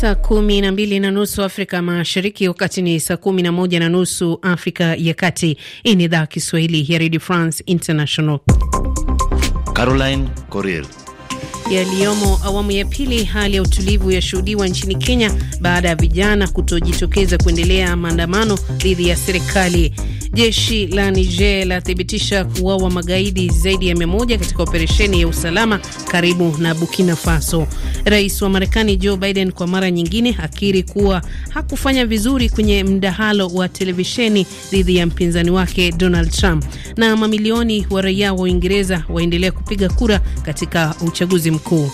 Saa kumi na mbili na nusu Afrika Mashariki, wakati ni saa kumi na moja na nusu Afrika ya Kati. Hii ni idhaa Kiswahili ya Redio France International. Caroline Corrier Yaliyomo awamu ya pili. Hali ya utulivu yashuhudiwa nchini Kenya baada ya vijana kutojitokeza kuendelea maandamano dhidi ya serikali. Jeshi la Niger lathibitisha kuuawa magaidi zaidi ya mia moja katika operesheni ya usalama karibu na Burkina Faso. Rais wa Marekani Joe Biden kwa mara nyingine akiri kuwa hakufanya vizuri kwenye mdahalo wa televisheni dhidi ya mpinzani wake Donald Trump. Na mamilioni wa raia wa Uingereza waendelea kupiga kura katika uchaguzi mkuu.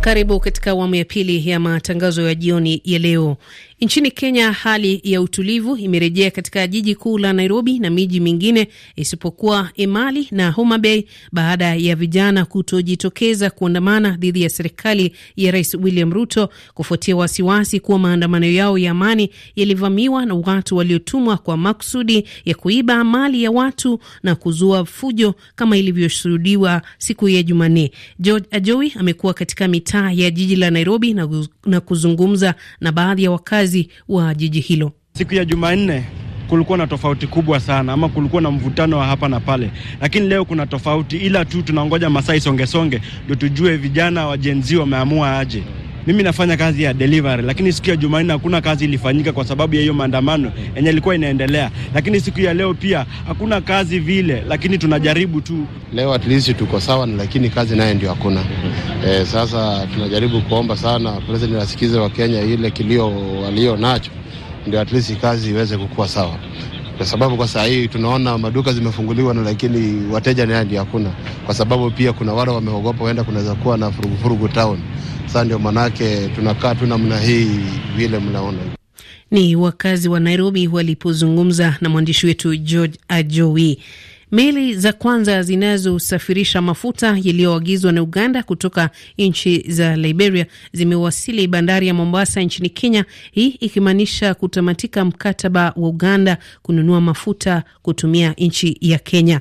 Karibu katika awamu ya pili ya matangazo ya jioni ya leo. Nchini Kenya, hali ya utulivu imerejea katika jiji kuu la Nairobi na miji mingine isipokuwa Emali na Homa Bay baada ya vijana kutojitokeza kuandamana dhidi ya serikali ya Rais William Ruto kufuatia wasiwasi kuwa maandamano yao ya amani yalivamiwa na watu waliotumwa kwa maksudi ya kuiba mali ya watu na kuzua fujo kama ilivyoshuhudiwa siku ya Jumanne. George Ajoi amekuwa katika mitaa ya jiji la Nairobi na kuzungumza na baadhi ya wakazi wakazi wa jiji hilo. Siku ya Jumanne kulikuwa na tofauti kubwa sana, ama kulikuwa na mvutano wa hapa na pale, lakini leo kuna tofauti, ila tu tunangoja masaa isongesonge ndio tujue vijana wa jenzi wameamua aje. Mimi nafanya kazi ya delivery, lakini siku ya Jumanne hakuna kazi ilifanyika kwa sababu ya hiyo maandamano yenye ilikuwa inaendelea, lakini siku ya leo pia hakuna kazi vile, lakini tunajaribu tu. Leo at least tuko sawa, lakini kazi naye ndio hakuna. E, sasa tunajaribu kuomba sana president asikize wa Kenya ile kilio walio nacho, ndio at least kazi iweze kukua sawa, kwa sababu kwa saa hii tunaona maduka zimefunguliwa na lakini wateja naye ndio hakuna kwa sababu pia kuna wale wameogopa, huenda kunaweza kuwa na furugufurugu town. Sasa ndio maanake tunakaa tu namna hii vile mnaona. Ni wakazi wa Nairobi walipozungumza na mwandishi wetu George Ajowi. Meli za kwanza zinazosafirisha mafuta yaliyoagizwa na Uganda kutoka nchi za Liberia zimewasili bandari ya Mombasa nchini Kenya, hii ikimaanisha kutamatika mkataba wa Uganda kununua mafuta kutumia nchi ya Kenya.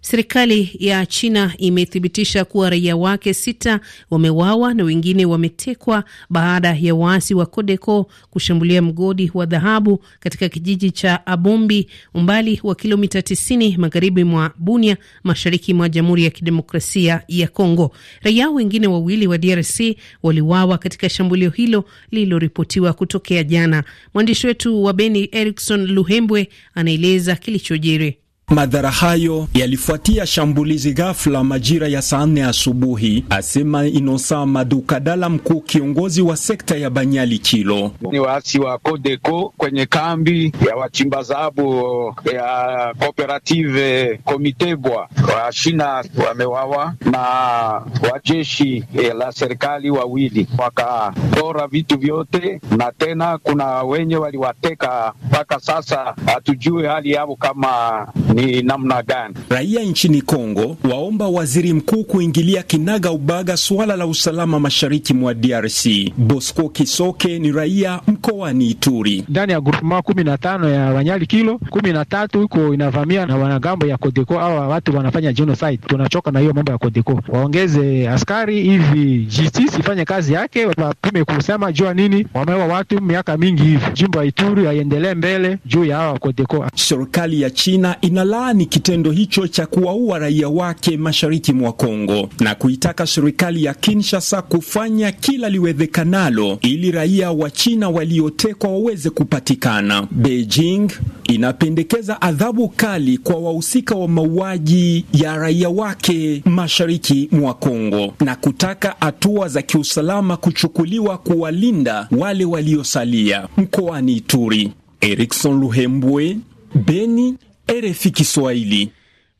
Serikali ya China imethibitisha kuwa raia wake sita wamewawa na wengine wametekwa baada ya waasi wa Kodeko kushambulia mgodi wa dhahabu katika kijiji cha Abombi, umbali wa kilomita 90 magharibi mwa Bunia, mashariki mwa Jamhuri ya Kidemokrasia ya Kongo. Raia wengine wawili wa DRC waliwawa katika shambulio hilo lililoripotiwa kutokea jana. Mwandishi wetu wa Beni, Erikson Luhembwe, anaeleza kilichojiri. Madhara hayo yalifuatia shambulizi ghafla majira ya saa nne asubuhi, asema Inosa Madukadala, mkuu kiongozi wa sekta ya Banyali Chilo. Ni waasi wa Kodeko kwenye kambi ya wachimba dhahabu ya Cooperative Komitebwa, washina wamewawa na wajeshi la serikali wawili, wakapora vitu vyote, na tena kuna wenye waliwateka. Mpaka sasa hatujue hali yao kama ni namna gani? Raia nchini Kongo waomba waziri mkuu kuingilia kinaga ubaga suala la usalama mashariki mwa DRC. Bosco Kisoke ni raia mkoani Ituri. Ndani ya grupema kumi na tano ya Wanyali kilo kumi na tatu huko inavamia na wanagambo ya Kodeko awa watu wanafanya genocide. Tunachoka na hiyo mambo ya Kodeko, waongeze askari hivi, justice ifanye kazi yake, wapime kusema jua nini wameua watu miaka mingi hivi. Jimbo ya Ituri haiendelee mbele juu ya hawa Kodeko. Serikali ya China ina ni kitendo hicho cha kuwaua raia wake mashariki mwa Kongo na kuitaka serikali ya Kinshasa kufanya kila liwezekanalo ili raia wa China waliotekwa waweze kupatikana. Beijing inapendekeza adhabu kali kwa wahusika wa mauaji ya raia wake mashariki mwa Kongo na kutaka hatua za kiusalama kuchukuliwa kuwalinda wale waliosalia. Mkoani Ituri, Erikson Luhembwe, Beni. RFI Kiswahili.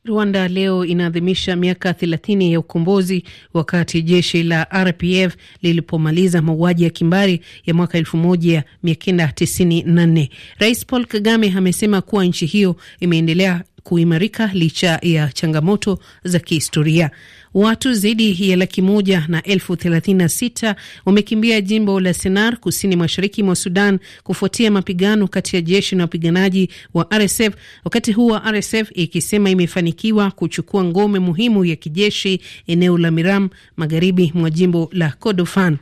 Rwanda leo inaadhimisha miaka 30 ya ukombozi wakati jeshi la RPF lilipomaliza mauaji ya kimbari ya mwaka 1994. Rais Paul Kagame amesema kuwa nchi hiyo imeendelea kuimarika licha ya changamoto za kihistoria. Watu zaidi ya laki moja na elfu thelathini na sita wamekimbia jimbo la Sennar kusini mashariki mwa Sudan kufuatia mapigano kati ya jeshi na wapiganaji wa RSF, wakati huu wa RSF ikisema imefanikiwa kuchukua ngome muhimu ya kijeshi eneo la Miram magharibi mwa jimbo la Kordofan.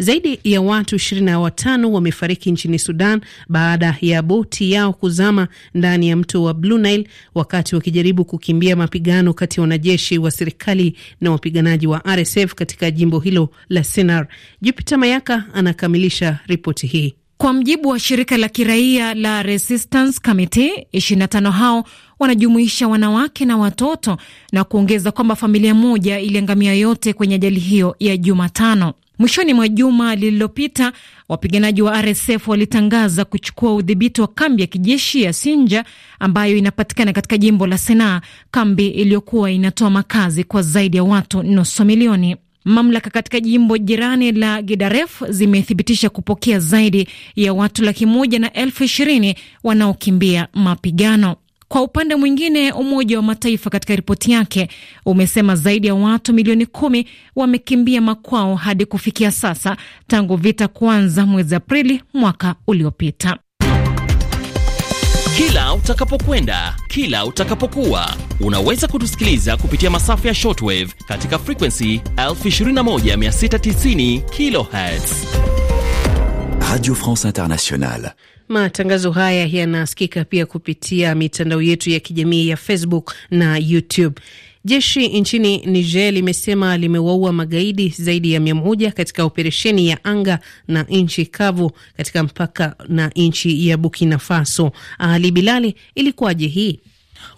Zaidi ya watu ishirini na watano wamefariki nchini Sudan baada ya boti yao kuzama ndani ya mto wa Blue Nile wakati wakijaribu kukimbia mapigano kati ya wanajeshi wa serikali na wapiganaji wa RSF katika jimbo hilo la Sennar. Jupiter Mayaka anakamilisha ripoti hii. Kwa mjibu wa shirika la kiraia la Resistance Committee, 25 hao wanajumuisha wanawake na watoto na kuongeza kwamba familia moja iliangamia yote kwenye ajali hiyo ya Jumatano. Mwishoni mwa juma lililopita, wapiganaji wa RSF walitangaza kuchukua udhibiti wa kambi ya kijeshi ya Sinja ambayo inapatikana katika jimbo la Senaa, kambi iliyokuwa inatoa makazi kwa zaidi ya watu nusu milioni. Mamlaka katika jimbo jirani la Gidaref zimethibitisha kupokea zaidi ya watu laki moja na elfu ishirini wanaokimbia mapigano. Kwa upande mwingine, Umoja wa Mataifa katika ripoti yake umesema zaidi ya watu milioni kumi wamekimbia makwao hadi kufikia sasa tangu vita kuanza mwezi Aprili mwaka uliopita. Kila utakapokwenda, kila utakapokuwa, unaweza kutusikiliza kupitia masafa ya shortwave katika frequency 21690 kilohertz. Radio France Internationale. Matangazo haya yanasikika pia kupitia mitandao yetu ya kijamii ya Facebook na YouTube. Jeshi nchini Niger limesema limewaua magaidi zaidi ya mia moja katika operesheni ya anga na nchi kavu katika mpaka na nchi ya Burkina Faso. Ali Bilali, ilikuwaje hii?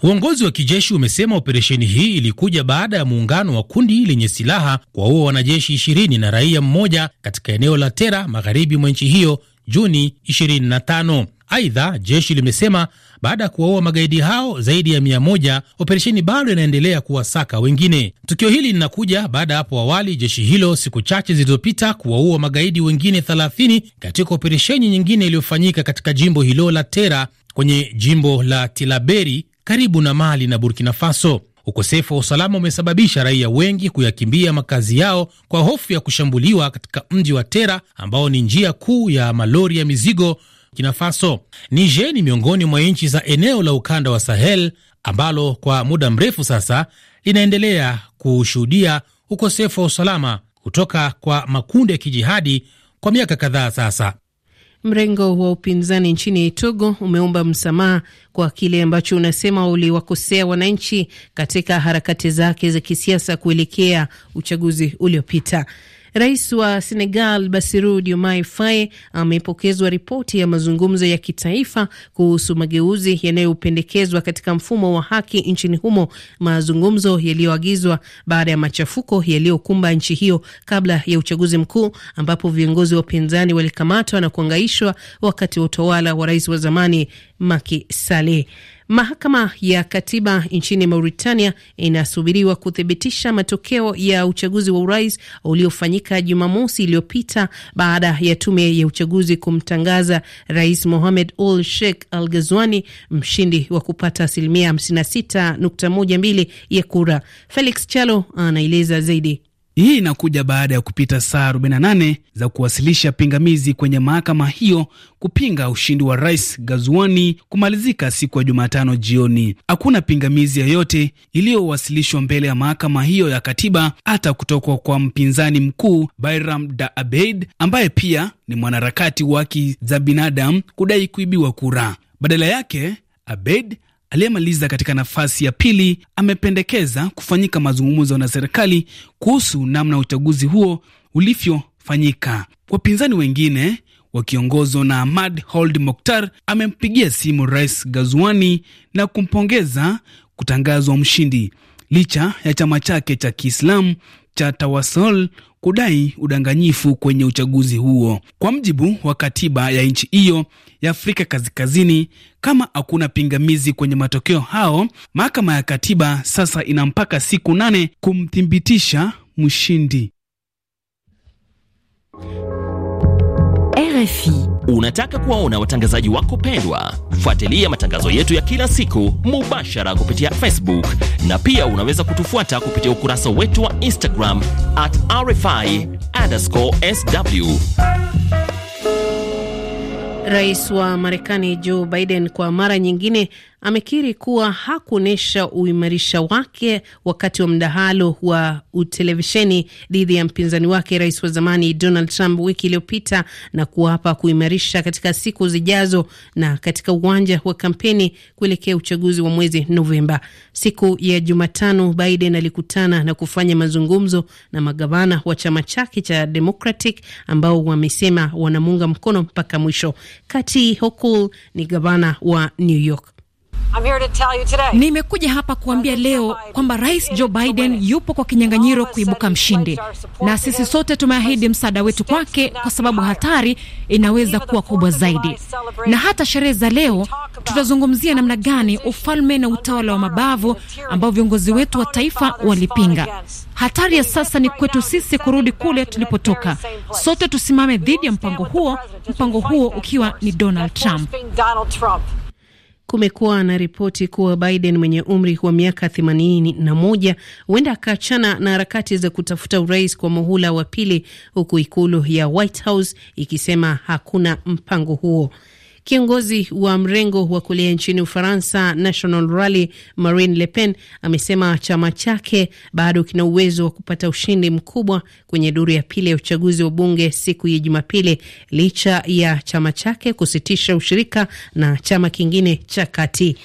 Uongozi wa kijeshi umesema operesheni hii ilikuja baada ya muungano wa kundi lenye silaha kuwaua wanajeshi ishirini na raia mmoja katika eneo la Tera magharibi mwa nchi hiyo Juni 25. Aidha, jeshi limesema baada ya kuwaua magaidi hao zaidi ya mia moja, operesheni bado inaendelea kuwasaka wengine. Tukio hili linakuja baada ya hapo awali jeshi hilo siku chache zilizopita kuwaua magaidi wengine 30 katika operesheni nyingine iliyofanyika katika jimbo hilo la Tera kwenye jimbo la Tilaberi karibu na Mali na Burkina Faso. Ukosefu wa usalama umesababisha raia wengi kuyakimbia makazi yao kwa hofu ya kushambuliwa katika mji wa Tera ambao ni njia kuu ya malori ya mizigo Burkina Faso. Niger ni miongoni mwa nchi za eneo la ukanda wa Sahel ambalo kwa muda mrefu sasa linaendelea kushuhudia ukosefu wa usalama kutoka kwa makundi ya kijihadi kwa miaka kadhaa sasa. Mrengo wa upinzani nchini Togo umeomba msamaha kwa kile ambacho unasema uliwakosea wananchi katika harakati zake za kisiasa kuelekea uchaguzi uliopita. Rais wa Senegal Basiru Diomaye Faye amepokezwa ripoti ya mazungumzo ya kitaifa kuhusu mageuzi yanayopendekezwa katika mfumo wa haki nchini humo, mazungumzo yaliyoagizwa baada ya machafuko yaliyokumba nchi hiyo kabla ya uchaguzi mkuu, ambapo viongozi wa upinzani walikamatwa na kuangaishwa wakati wa utawala wa rais wa zamani Macky Sall. Mahakama ya katiba nchini Mauritania inasubiriwa kuthibitisha matokeo ya uchaguzi wa urais uliofanyika Jumamosi iliyopita baada ya tume ya uchaguzi kumtangaza Rais Mohamed Ul Sheikh Al gazwani mshindi wa kupata asilimia 56.12 ya kura. Felix Chalo anaeleza zaidi. Hii inakuja baada ya kupita saa 48 za kuwasilisha pingamizi kwenye mahakama hiyo kupinga ushindi wa rais Gazuani kumalizika siku ya Jumatano jioni. Hakuna pingamizi yoyote iliyowasilishwa mbele ya mahakama hiyo ya katiba, hata kutoka kwa mpinzani mkuu Bairam Da Abeid ambaye pia ni mwanaharakati wa haki za binadamu kudai kuibiwa kura. Badala yake Abeid aliyemaliza katika nafasi ya pili amependekeza kufanyika mazungumzo na serikali kuhusu namna uchaguzi huo ulivyofanyika. Wapinzani wengine wakiongozwa na Ahmad Hold Mokhtar amempigia simu Rais Gazuani na kumpongeza kutangazwa mshindi licha ya chama chake cha Kiislamu cha Tawasol kudai udanganyifu kwenye uchaguzi huo. Kwa mjibu wa katiba ya nchi hiyo ya Afrika Kaskazini, kama hakuna pingamizi kwenye matokeo hao, mahakama ya katiba sasa ina mpaka siku nane kumthibitisha mshindi. RFI Unataka kuwaona watangazaji wako pendwa? Fuatilia matangazo yetu ya kila siku mubashara kupitia Facebook na pia unaweza kutufuata kupitia ukurasa wetu wa Instagram at RFI underscore sw. Rais wa Marekani Joe Biden kwa mara nyingine amekiri kuwa hakuonyesha uimarisha wake wakati wa mdahalo wa utelevisheni dhidi ya mpinzani wake rais wa zamani Donald Trump wiki iliyopita na kuapa kuimarisha katika siku zijazo na katika uwanja wa kampeni kuelekea uchaguzi wa mwezi Novemba. Siku ya Jumatano, Biden alikutana na kufanya mazungumzo na magavana wa chama chake cha Democratic ambao wamesema wanamuunga mkono mpaka mwisho. kati Hochul ni gavana wa New York. Nimekuja hapa kuambia leo kwamba Rais Joe Biden yupo kwa kinyang'anyiro kuibuka mshindi, na sisi sote tumeahidi msaada wetu kwake, kwa sababu hatari inaweza kuwa kubwa zaidi. Na hata sherehe za leo tutazungumzia namna gani ufalme na utawala wa mabavu ambao viongozi wetu wa taifa walipinga. Hatari ya sasa ni kwetu sisi kurudi kule tulipotoka. Sote tusimame dhidi ya mpango huo, mpango huo ukiwa ni Donald Trump. Kumekuwa na ripoti kuwa Biden mwenye umri wa miaka 81 huenda akaachana na harakati za kutafuta urais kwa muhula wa pili, huku ikulu ya White House ikisema hakuna mpango huo. Kiongozi wa mrengo wa kulia nchini Ufaransa, National Rally, Marine Le Pen amesema chama chake bado kina uwezo wa kupata ushindi mkubwa kwenye duru ya pili ya uchaguzi wa bunge siku ya Jumapili, licha ya chama chake kusitisha ushirika na chama kingine cha kati.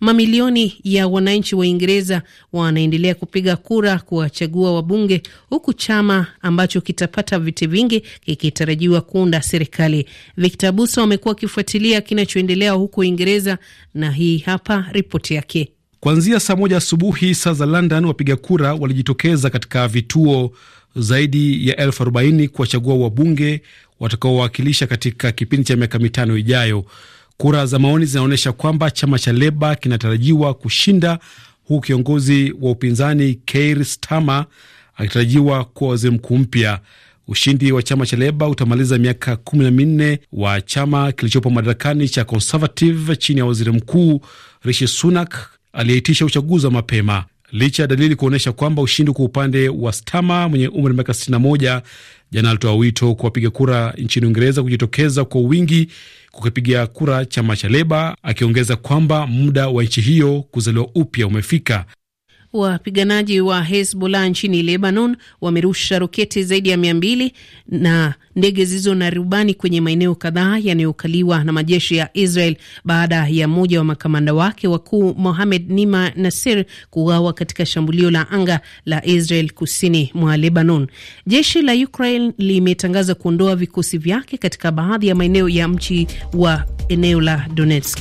Mamilioni ya wananchi wa Uingereza wanaendelea kupiga kura kuwachagua wabunge, huku chama ambacho kitapata viti vingi kikitarajiwa kuunda serikali. Victor Buso amekuwa akifuatilia kinachoendelea huko Uingereza na hii hapa ripoti yake. Kuanzia saa moja asubuhi saa za London, wapiga kura walijitokeza katika vituo zaidi ya elfu arobaini kuwachagua wabunge watakaowakilisha katika kipindi cha miaka mitano ijayo. Kura za maoni zinaonyesha kwamba chama cha Leba kinatarajiwa kushinda huku kiongozi wa upinzani Keir Starmer akitarajiwa kuwa waziri mkuu mpya. Ushindi wa chama cha Leba utamaliza miaka kumi na minne wa chama kilichopo madarakani cha Conservative chini ya waziri mkuu Rishi Sunak aliyeitisha uchaguzi wa mapema licha ya dalili kuonyesha kwamba ushindi kwa upande wa Stama mwenye umri wa miaka 61. Jana alitoa wito kwa wapiga kura nchini Uingereza kujitokeza kwa wingi kukipiga kura chama cha Leba, akiongeza kwamba muda wa nchi hiyo kuzaliwa upya umefika. Wapiganaji wa Hezbollah nchini Lebanon wamerusha roketi zaidi ya mia mbili na ndege zilizo na rubani kwenye maeneo kadhaa yanayokaliwa na majeshi ya Israel baada ya mmoja wa makamanda wake wakuu Mohamed Nima Nasir kuuawa katika shambulio la anga la Israel kusini mwa Lebanon. Jeshi la Ukraine limetangaza kuondoa vikosi vyake katika baadhi ya maeneo ya mji wa eneo la Donetsk.